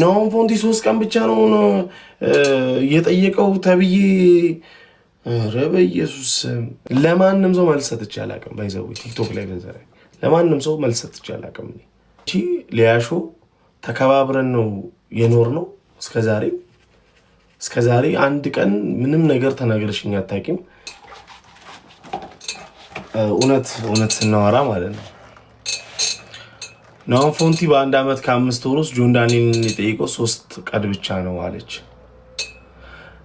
ናሆም ፎንቲ ሶስት ቀን ብቻ ነው የጠየቀው ተብዬ ረበ ኢየሱስ ለማንም ሰው መልሰት ይቻል አቅም ባይዘው ቲክቶክ ላይ በዛ ለማንም ሰው መልሰት ይቻል አቅም እቺ ሊያሾ ተከባብረን ነው የኖር ነው እስከዛሬ እስከዛሬ አንድ ቀን ምንም ነገር ተናገርሽኝ አታውቂም። እውነት እውነት ስናወራ ማለት ነው ናሆም ፎንቲ በአንድ ዓመት ከአምስት ወር ውስጥ ጆን ዳንኤልን የጠየቀው ሶስት ቀን ብቻ ነው አለች።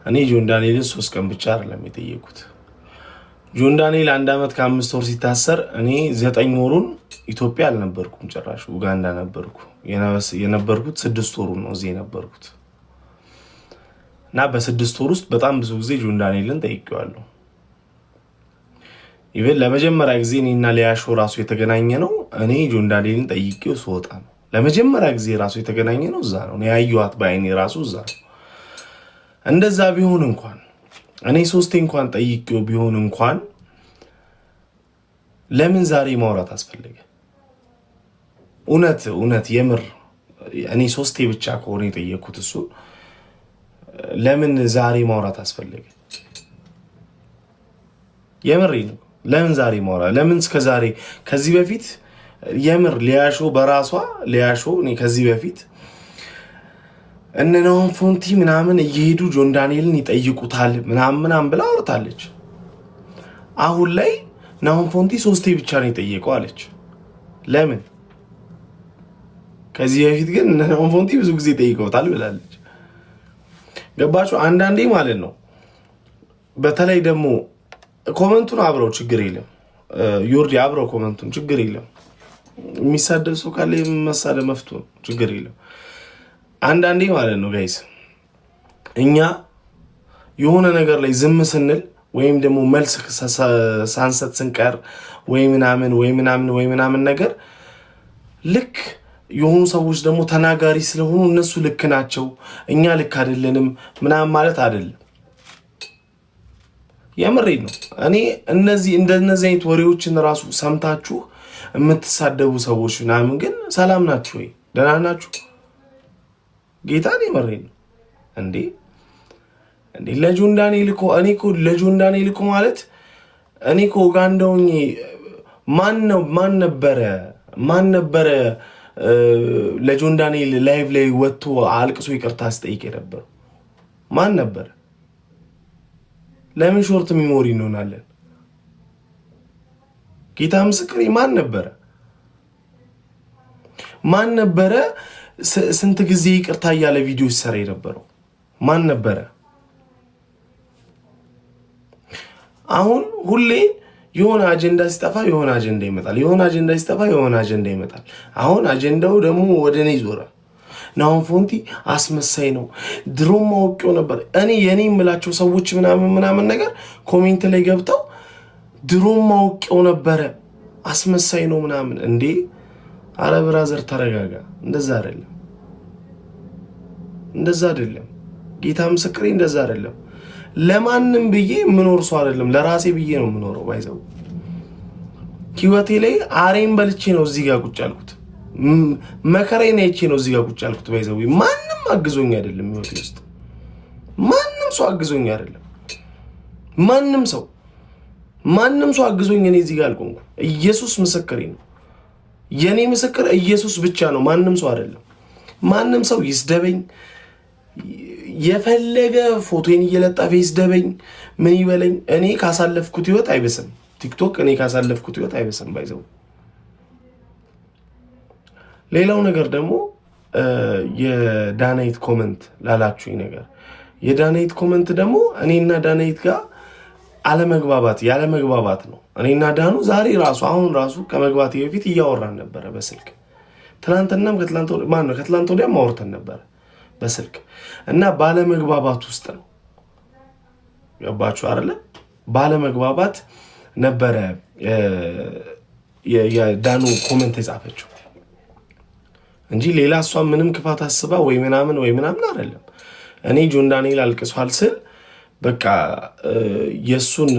እኔ ጆን ዳንኤልን ሶስት ቀን ብቻ አይደለም የጠየቁት። ጆን ዳንኤል አንድ ዓመት ከአምስት ወር ሲታሰር እኔ ዘጠኝ ወሩን ኢትዮጵያ አልነበርኩም፣ ጭራሽ ኡጋንዳ ነበርኩ። የነበርኩት ስድስት ወሩን ነው እዚህ የነበርኩት እና በስድስት ወር ውስጥ በጣም ብዙ ጊዜ ጆን ዳንኤልን ጠይቄዋለሁ። ኢቨን ለመጀመሪያ ጊዜ እኔና ሊያሾ ራሱ የተገናኘ ነው። እኔ ጆንዳሌን ጠይቄው ስወጣ ነው ለመጀመሪያ ጊዜ ራሱ የተገናኘ ነው። እዛ ነው ያየኋት በአይኔ ራሱ እዛ ነው። እንደዛ ቢሆን እንኳን እኔ ሶስቴ እንኳን ጠይቄው ቢሆን እንኳን ለምን ዛሬ ማውራት አስፈለገ? እውነት እውነት የምር እኔ ሶስቴ ብቻ ከሆነ የጠየኩት እሱ ለምን ዛሬ ማውራት አስፈለገ? የምሬ ነው። ለምን ዛሬ ማውራ ለምን እስከ ዛሬ ከዚህ በፊት የምር ሊያሾ በራሷ ሊያሾ ከዚህ በፊት እነ ፎንቲ ምናምን እየሄዱ ጆን ዳንኤልን ይጠይቁታል ምናምን ምናምን ብላ አውርታለች። አሁን ላይ ናሆም ፎንቲ ሶስቴ ብቻ ነው የጠየቀው አለች። ለምን ከዚህ በፊት ግን እነ ፎንቲ ብዙ ጊዜ ይጠይቀውታል ብላለች። ገባችሁ? አንዳንዴ ማለት ነው በተለይ ደግሞ ኮመንቱን አብረው ችግር የለም ዮርዲ አብረው ኮመንቱን ችግር የለም የሚሳደብ ሰው ካለ የመሳደ መፍቱ ነው፣ ችግር የለም። አንዳንዴ ማለት ነው ጋይስ እኛ የሆነ ነገር ላይ ዝም ስንል ወይም ደግሞ መልስ ሳንሰጥ ስንቀር ወይ ምናምን ወይ ምናምን ወይ ምናምን ነገር ልክ የሆኑ ሰዎች ደግሞ ተናጋሪ ስለሆኑ እነሱ ልክ ናቸው እኛ ልክ አይደለንም ምናምን ማለት አይደለም። የምሬ ነው። እኔ እነዚህ እንደነዚህ አይነት ወሬዎችን ራሱ ሰምታችሁ የምትሳደቡ ሰዎች ምናምን ግን ሰላም ናችሁ ወይ? ደህና ናችሁ? ጌታን የምሬድ ነው እንዴ እንዴ ለጆን ዳንኤል እኮ እኔ እኮ ለጆን ዳንኤል እኮ ማለት እኔ እኮ ኡጋንዳውኝ ማን ነው ማን ነበረ ማን ነበረ ለጆን ዳንኤል ላይቭ ላይ ወጥቶ አልቅሶ ይቅርታ ስጠይቅ የነበረው ማን ነበረ? ለምን ሾርት ሚሞሪ እንሆናለን? ጌታ ምስክሬ። ማን ነበረ ማን ነበረ ስንት ጊዜ ይቅርታ እያለ ቪዲዮ ሲሰራ የነበረው ማን ነበረ? አሁን ሁሌ የሆነ አጀንዳ ሲጠፋ የሆነ አጀንዳ ይመጣል። የሆነ አጀንዳ ሲጠፋ የሆነ አጀንዳ ይመጣል። አሁን አጀንዳው ደግሞ ወደ እኔ ይዞራል። ናሆም ፎንቲ አስመሳይ ነው። ድሮም አውቄው ነበር እኔ የኔ የምላቸው ሰዎች ምናምን ምናምን ነገር ኮሜንት ላይ ገብተው ድሮም አውቄው ነበረ አስመሳይ ነው ምናምን። እንዴ አረ ብራዘር ተረጋጋ። እንደዛ አይደለም፣ እንደዛ አይደለም። ጌታ ምስክሬ እንደዛ አይደለም። ለማንም ብዬ የምኖር ሰው አይደለም። ለራሴ ብዬ ነው የምኖረው። ባይዘው ህይወቴ ላይ አሬን በልቼ ነው እዚህ ጋር ቁጭ ያልኩት። መከራዬን አይቼ ነው እዚህ ጋር ቁጭ ያልኩት። ባይዘው ማንም አግዞኝ አይደለም፣ ህይወቴ ውስጥ ማንም ሰው አግዞኝ አይደለም። ማንም ሰው ማንም ሰው አግዞኝ እኔ እዚህ ጋር አልቆምኩ። ኢየሱስ ምስክሬ ነው። የእኔ ምስክር ኢየሱስ ብቻ ነው፣ ማንም ሰው አይደለም። ማንም ሰው ይስደበኝ የፈለገ ፎቶን እየለጠፈ ይስደበኝ፣ ምን ይበለኝ፣ እኔ ካሳለፍኩት ህይወት አይበስም። ቲክቶክ እኔ ካሳለፍኩት ህይወት አይበስም ባይዘው ሌላው ነገር ደግሞ የዳናይት ኮመንት ላላችሁኝ ነገር የዳናይት ኮመንት ደግሞ እኔና ዳናይት ጋር አለመግባባት ያለመግባባት ነው። እኔና ዳኑ ዛሬ ራሱ አሁን ራሱ ከመግባት በፊት እያወራን ነበረ በስልክ ትናንትናም ከትላንት ወዲያ አውርተን ነበረ በስልክ እና ባለመግባባት ውስጥ ነው ገባችሁ አይደለ? ባለመግባባት ነበረ የዳኑ ኮመንት የጻፈችው። እንጂ ሌላ እሷ ምንም ክፋት አስባ ወይ ምናምን ወይ ምናምን አይደለም። እኔ ጆን ዳንኤል አልቅሷል ስል በቃ የእሱን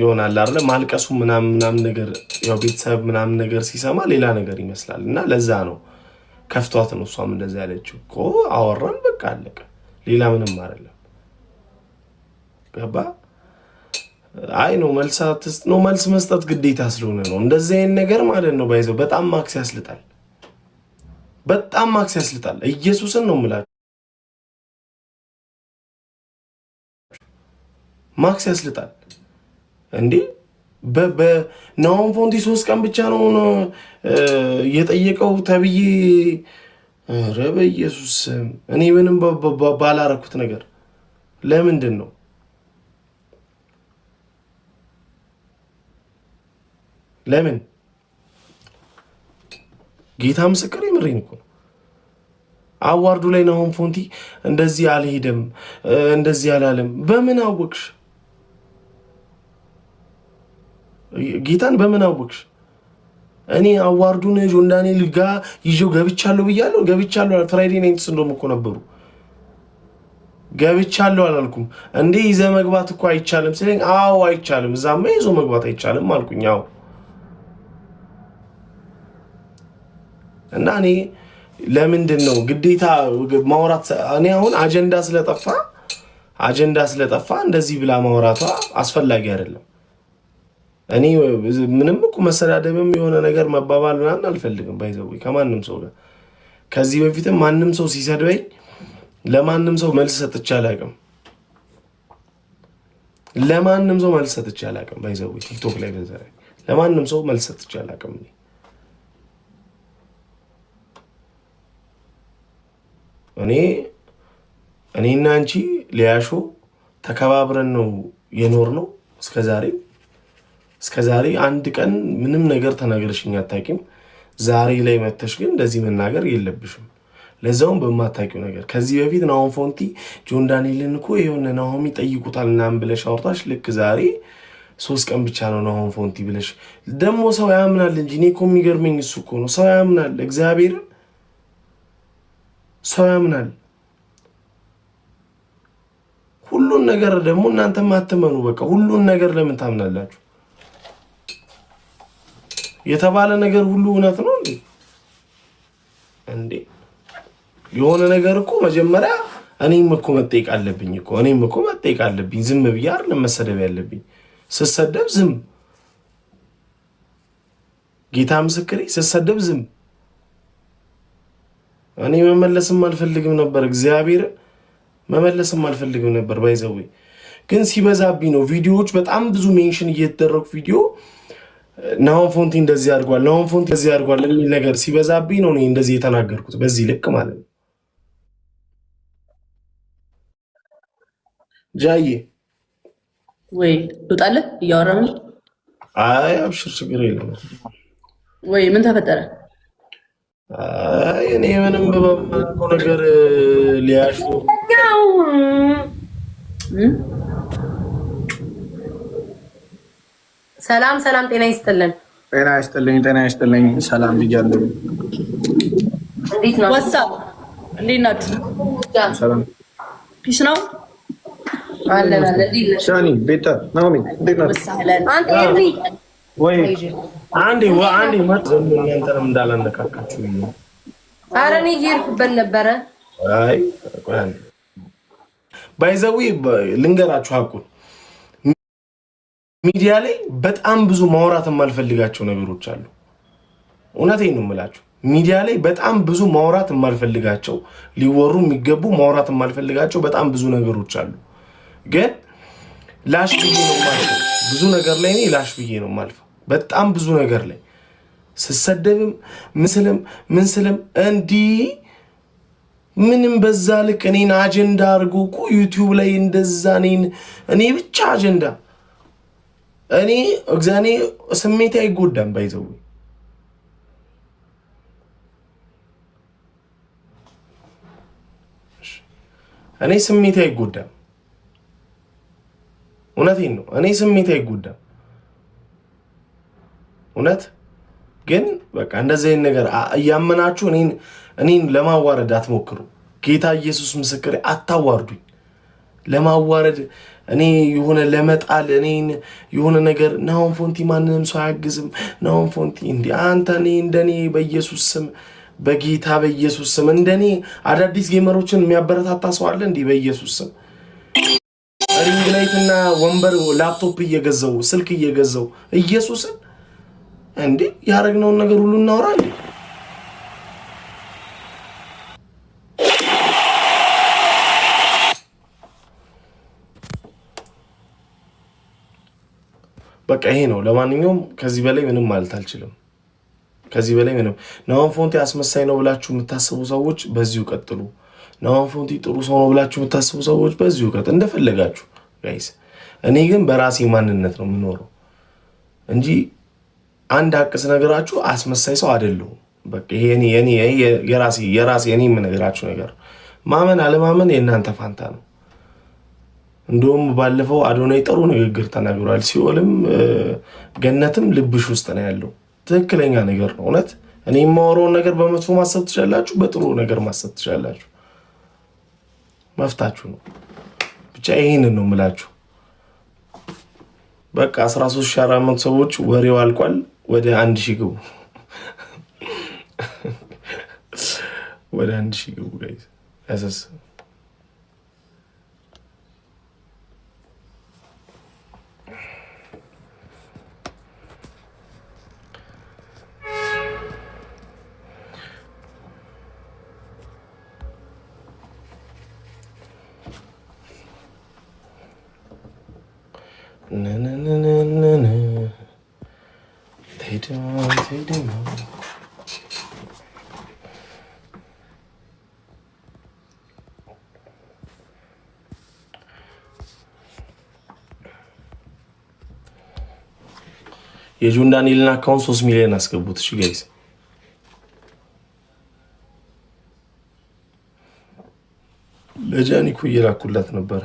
ይሆናል አለ ማልቀሱ ምናምን ምናምን ነገር ያው ቤተሰብ ምናምን ነገር ሲሰማ ሌላ ነገር ይመስላል። እና ለዛ ነው ከፍቷት ነው እሷም እንደዚ ያለችው እኮ አወራን፣ በቃ አለቀ። ሌላ ምንም አይደለም። ገባ አይ ነው መልስ ነው መልስ መስጠት ግዴታ ስለሆነ ነው እንደዚህ አይነት ነገር ማለት ነው። ባይዘው በጣም ማክስ ያስልጣል። በጣም ማክስ ያስልጣል። ኢየሱስን ነው የምላችሁ፣ ማክስ ያስልጣል። እንዴ በናሆም ፎንቲ ሶስት ቀን ብቻ ነው የጠየቀው ተብዬ ኧረ በኢየሱስ እኔ ምንም ባላረኩት ነገር ለምንድን ነው ለምን ጌታ ምስክር የምሬን እኮ አዋርዱ ላይ ናሆም ፎንቲ እንደዚህ አልሄደም እንደዚህ አላለም። በምን አወቅሽ? ጌታን በምን አወቅሽ? እኔ አዋርዱን ጆንዳኔ ልጋ ይዤው ገብቻለሁ ብያለሁ። ገብቻለሁ ፍራይዴ ናይትስ እንደውም እኮ ነበሩ። ገብቻለሁ አላልኩም እንዴ? ይዘ መግባት እኮ አይቻልም ስለኝ፣ አዎ አይቻልም፣ እዛማ ይዞ መግባት አይቻልም አልኩኝ። አዎ እና እኔ ለምንድን ነው ግዴታ ማውራት? እኔ አሁን አጀንዳ ስለጠፋ አጀንዳ ስለጠፋ እንደዚህ ብላ ማውራቷ አስፈላጊ አይደለም። እኔ ምንም እኮ መሰዳደብም የሆነ ነገር መባባል ምናምን አልፈልግም። ባይዘው ከማንም ሰው ጋር ከዚህ በፊትም ማንም ሰው ሲሰድበኝ ለማንም ሰው መልስ ሰጥቼ አላውቅም። ለማንም ሰው መልስ ሰጥቼ አላውቅም። ባይዘው ቲክቶክ ላይ ለማንም ሰው መልስ ሰጥቼ አላውቅም። እኔ እኔና አንቺ ሊያሾ ተከባብረን ነው የኖር ነው እስከዛሬ እስከዛሬ አንድ ቀን ምንም ነገር ተናገርሽኝ አታውቂም። ዛሬ ላይ መተሽ ግን እንደዚህ መናገር የለብሽም ለዛውም በማታውቂው ነገር። ከዚህ በፊት ናሆም ፎንቲ ጆን ዳንኤልን እኮ የሆነ ናሆም ይጠይቁታል ምናምን ብለሽ አውርታሽ ልክ ዛሬ ሶስት ቀን ብቻ ነው ናሆም ፎንቲ ብለሽ ደግሞ ሰው ያምናል እንጂ እኔ እኮ የሚገርመኝ እሱ እኮ ነው ሰው ያምናል እግዚአብሔርን ሰው ያምናል። ሁሉን ነገር ደግሞ እናንተም አትመኑ። በቃ ሁሉን ነገር ለምን ታምናላችሁ? የተባለ ነገር ሁሉ እውነት ነው እንዴ? እንዴ የሆነ ነገር እኮ መጀመሪያ እኔም እኮ መጠየቅ አለብኝ እኮ እኔም እኮ መጠየቅ አለብኝ። ዝም ብዬ አይደለም መሰደብ ያለብኝ። ስሰደብ ዝም ጌታ ምስክሬ፣ ስሰደብ ዝም እኔ መመለስም አልፈልግም ነበር፣ እግዚአብሔር መመለስም አልፈልግም ነበር። ባይዘዌ ግን ሲበዛብኝ ነው ቪዲዮዎች በጣም ብዙ ሜንሽን እየተደረጉ ቪዲዮ ናሆም ፎንቲ እንደዚህ አድርጓል፣ ናሆም ፎንቲ እንደዚህ አድርጓል የሚል ነገር ሲበዛብኝ ነው እኔ እንደዚህ የተናገርኩት በዚህ ልክ ማለት ነው። ጃዬ ወይ ትወጣለህ? እያወራ አይ፣ አብሽር፣ ችግር የለም። ወይ ምን ተፈጠረ? እኔ ምንም በማውቀው ነገር ሊያሹ ሰላም ሰላም፣ ጤና ይስጥልን፣ ጤና ይስጥልኝ፣ ጤና ይስጥልኝ። ሰላም ብያለሁ። እንዴት ነው? እንዴት ናችሁ? ሰላም ፒስ ነው አለን አለን። ቤታ ናሆሚ እንዴት ናት? ወይ አንዴ አንዴ ማለት እናንተንም እንዳላነካካችሁ ነው። ኧረ እኔ እየሄድኩበት ነበረ። አይ ባይዘዊ ልንገራችሁ አቁ ሚዲያ ላይ በጣም ብዙ ማውራት የማልፈልጋቸው ነገሮች አሉ። እውነቴን ነው የምላችሁ ሚዲያ ላይ በጣም ብዙ ማውራት የማልፈልጋቸው ሊወሩ የሚገቡ ማውራት የማልፈልጋቸው በጣም ብዙ ነገሮች አሉ። ግን ላሽ ብዬ ነው የማልፈው። ብዙ ነገር ላይ እኔ ላሽ ብዬ ነው የማልፈው። በጣም ብዙ ነገር ላይ ስሰደብም ምስልም ምን ስልም እንዲህ ምንም በዛ ልክ እኔን አጀንዳ አድርጎ እኮ ዩቲዩብ ላይ እንደዛ እኔን እኔ ብቻ አጀንዳ እኔ እግዚአብሔር ስሜት አይጎዳም ባይዘው እኔ ስሜት አይጎዳም። እውነቴን ነው። እኔ ስሜት አይጎዳም። እውነት ግን በቃ እንደዚህ ነገር እያመናችሁ እኔን ለማዋረድ አትሞክሩ። ጌታ ኢየሱስ ምስክር አታዋርዱኝ። ለማዋረድ እኔ የሆነ ለመጣል እኔን የሆነ ነገር ናሆም ፎንቲ ማንንም ሰው አያግዝም። ናሆም ፎንቲ እንዲ አንተ እኔ እንደኔ በኢየሱስ ስም በጌታ በኢየሱስ ስም እንደኔ አዳዲስ ጌመሮችን የሚያበረታታ ሰው አለ? እንዲህ በኢየሱስ ስም ሪንግ ላይትና ወንበር ላፕቶፕ እየገዛው ስልክ እየገዛው ኢየሱስን እንዴ ያደረግነውን ነገር ሁሉ እናወራለን። በቃ ይሄ ነው። ለማንኛውም ከዚህ በላይ ምንም ማለት አልችልም። ከዚህ በላይ ምንም። ነዋን ፎንቲ አስመሳይ ነው ብላችሁ የምታስቡ ሰዎች በዚሁ ቀጥሉ። ነዋን ፎንቲ ጥሩ ሰው ነው ብላችሁ የምታስቡ ሰዎች በዚሁ ቀጥ እንደፈለጋችሁ ጋይስ። እኔ ግን በራሴ ማንነት ነው የምኖረው እንጂ አንድ አቅስ ስነግራችሁ አስመሳይ ሰው አይደለሁም። በቃ ይሄ የራሴ የኔ የምነግራችሁ ነገር ማመን አለማመን የእናንተ ፋንታ ነው። እንደውም ባለፈው አዶናይ ጥሩ ንግግር ተናግሯል። ሲኦልም ገነትም ልብሽ ውስጥ ነው ያለው ትክክለኛ ነገር ነው። እውነት እኔ የማወራውን ነገር በመጥፎ ማሰብ ትችላላችሁ፣ በጥሩ ነገር ማሰብ ትችላላችሁ። መፍታችሁ ነው። ብቻ ይህንን ነው የምላችሁ። በቃ 13 ሰዎች ወሬው አልቋል። ወደ አንድ ሺህ ግቡ፣ ወደ አንድ ሺህ ግቡ ጋይስ ያሳስብ የጆን ዳንኤልን አካውንት ሶስት ሚሊዮን አስገቡት። እሺ ጋይስ ለጃኒኩ እየላኩላት ነበረ።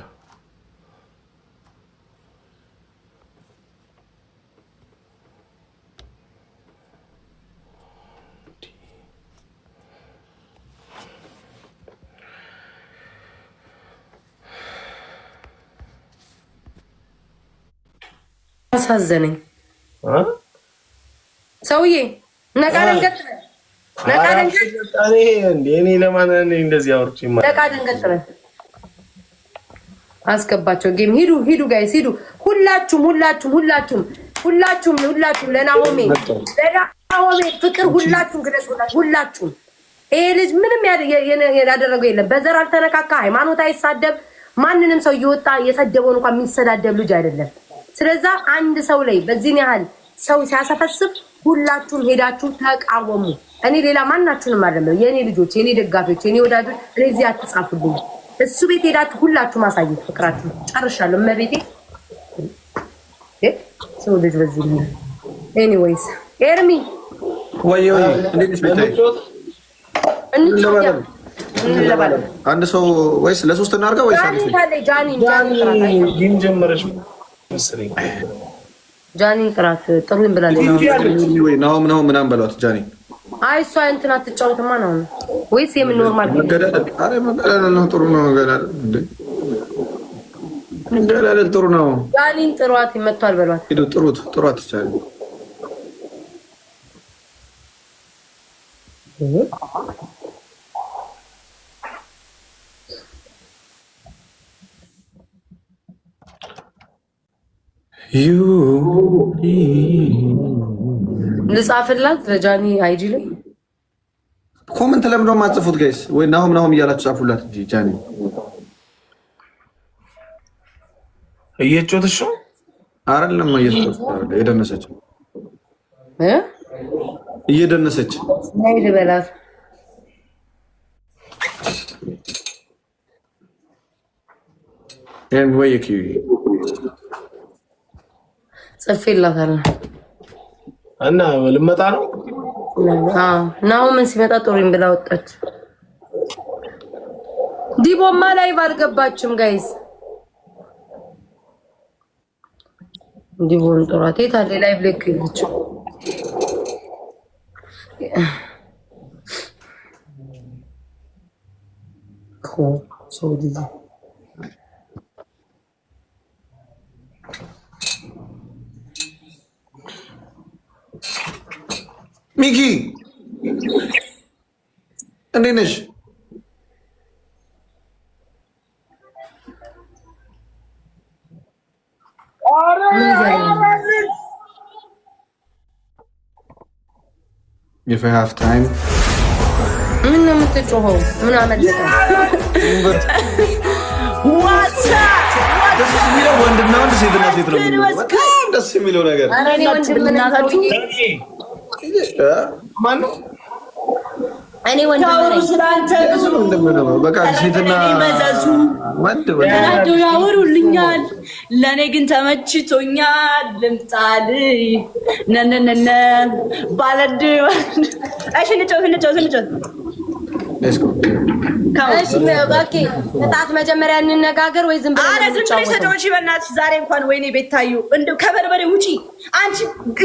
አሳዘነኝ። ሰውዬ ነቃ ደንገጥ ነቃ ደንገጥ እኔ ለማን እንደዚህ አውርቼ ነቃ ደንገጥ አስገባቸው ጌም። ሂዱ ሂዱ፣ ጋይስ ሂዱ። ሁላችሁም ሁላችሁም ሁላችሁም ሁላችሁም ሁላችሁም ለናሆሜ ለናሆሜ ፍቅር ሁላችሁም ግለጹላት። ሁላችሁም ይሄ ልጅ ምንም ያደረገው የለም። በዘር አልተነካካ፣ ሃይማኖት አይሳደብ። ማንንም ሰው እየወጣ የሰደበውን እንኳን የሚሰዳደብ ልጅ አይደለም። ስለዛ አንድ ሰው ላይ በዚህን ያህል ሰው ሲያሰፈስብ ሁላችሁም ሄዳችሁ ተቃወሙ። እኔ ሌላ ማናችሁንም አይደለም። የእኔ ልጆች፣ የእኔ ደጋፊዎች፣ የእኔ ወዳጆች እኔ እዚህ አትጻፉልኝ። እሱ ቤት ሄዳችሁ ሁላችሁ ማሳየት ፍቅራችሁ። ጨርሻለሁ። እመቤቴ ሰው ልጅ በዚህ ኤኒዌይስ፣ ኤርሚ ወይ ወይ አንድ ሰው ወይስ ለሶስት እናድርገው ወይስ ጃኒ ጃኒ ጀመረች መሰለኝ ጃኒን ጥራት ጥሩኝ ብላለች። ናሆም ናሆም ምናምን በሏት ጃኒ። አይ እሷ እንትን አትጫወትማ ነው ወይስ የምን ኖርማል መገዳደል ነው? ጥሩ ነው መገዳደል ጥሩ ነው። ጃኒን ጥሯት፣ ይመቷል በሏት። ሂዱ ጥሩት፣ ጥሯት ይቻላል። እህ ልጻፍላት ለጃኒ አይጂ ላይ ኮመንት ለምዶ ማጽፉት ጋይስ ወይ ናሆም ናሆም እያላችሁ ጻፉላት እንጂ ጃኒ እየጮትሽ እየደነሰች እ እየደነሰች ልበላት ወይ ጽፌላታለሁ እና ልመጣ ነው። ምን ሲመጣ ጦሪን ብላ ወጣች። ዲቦማ ላይቭ አልገባችም ጋይዝ። ዲቦን ጦራት የታለ? ላይቭ ልክ ይልች ሰው ሚኪ እንዴት ነሽ? የፈሃፍ ታይም ምን ነው የምትጮኸው? ምን አመለጠ? ሴትና ሴት ነው ደስ የሚለው ነገር ማነው? ያወሩልኛል። ለእኔ ግን ተመችቶኛል። ልምጣል ነነነነ ባለድ እሺ፣ እንጫወት እንጫወት እንጫወት። እሺ መጀመሪያ እንነጋገር ወይ ዝም ብለሽ ተጫወቺ በእናትሽ። ዛሬ እንኳን ወይኔ ቤታዩ ከበርበሬ ውጪ አንቺ